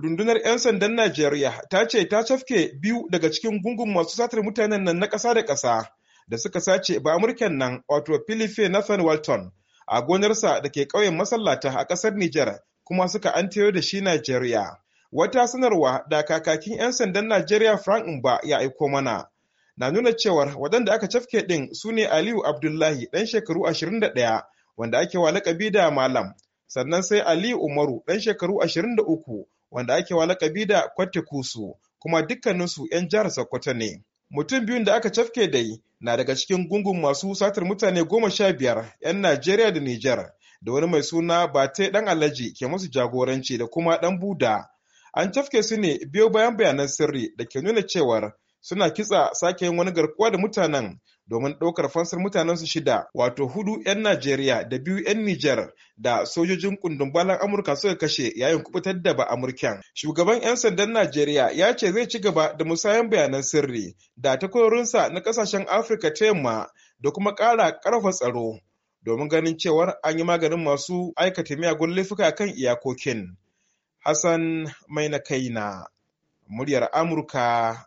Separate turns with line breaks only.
rundunar 'yan sandan Najeriya ta ce ta cafke biyu daga cikin gungun masu satar mutanen nan na ƙasa da ƙasa da suka sace ba Amurken nan wato Philippe Nathan Walton a gonarsa da ke ƙauyen masallata a ƙasar Nijar kuma suka antayo da shi Najeriya. Wata sanarwa da kakakin 'yan sandan Najeriya Frank Mba ya aiko mana. Na nuna cewar waɗanda aka cafke ɗin su ne Aliyu Abdullahi ɗan shekaru ɗaya, wanda ake wa laƙabi da malam. Sannan sai Aliyu Umaru ɗan shekaru ashirin da uku. wanda ake wa lakabi da Kwatte Kusu, kuma dukkaninsu 'yan jihar Sokoto ne. Mutum biyun da aka cafke dai na daga cikin gungun masu satar mutane goma sha biyar 'yan Najeriya da Nijar, da wani mai suna Bate ɗan Alhaji ke musu jagoranci da kuma ɗan Buda. An cafke su ne biyo bayan bayanan sirri da ke nuna cewar suna kitsa sake yin wani garkuwa da mutanen domin ɗaukar fansar mutanen su shida wato hudu 'yan Najeriya da biyu 'yan Nijar da sojojin kundumbalan Amurka suka kashe yayin kubutar da ba Amurken. Shugaban 'yan sandan Najeriya ya ce zai ci gaba da musayan bayanan sirri da takwarorinsa na ƙasashen Afirka ta yamma da kuma ƙara ƙarfa tsaro domin ganin cewar an yi maganin masu aikata miyagun laifuka kan iyakokin. Hassan Maina Kaina, muryar Amurka